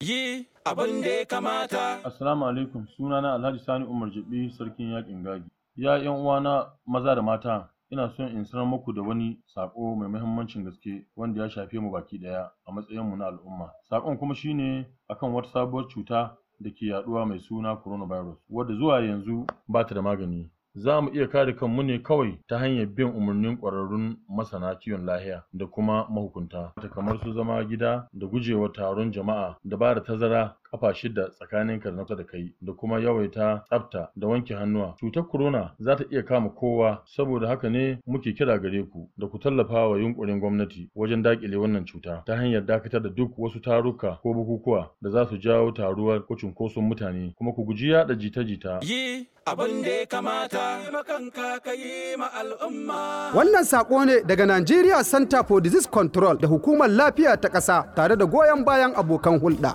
yi abin da ya kamata. Assalamu alaikum Suna na Alhaji Sani Umar Jabi sarkin yakin gagi. Ya yan uwana maza da mata ina son in sanar muku da wani sako mai muhimmancin gaske wanda ya shafe mu baki ɗaya a matsayin mu na al'umma. Sakon kuma shine akan wata sabuwar cuta da ke yaɗuwa mai suna coronavirus wadda zuwa yanzu ba ta da magani za mu iya kare kanmu ne kawai ta hanyar bin umarnin ƙwararrun masana kiwon lahiya da kuma mahukunta kamar su zama gida da gujewa taron jama'a da ba da tazara kafa shida tsakanin karnata da kai da kuma yawaita tsafta da wanke hannuwa cutar corona za ta iya kama kowa saboda haka ne muke kira gare ku da ku tallafa wa yunkurin gwamnati wajen dakile wannan cuta ta hanyar dakatar da duk wasu taruka ko bukukuwa da za su jawo taruwar ko cunkoson mutane kuma ku guji yada jita-jita. abin da ya kamata makanka ka yi ma al'umma. Wannan saƙo ne daga Nigeria Center for Disease Control da Hukumar Lafiya ta ƙasa tare da goyon bayan abokan hulɗa.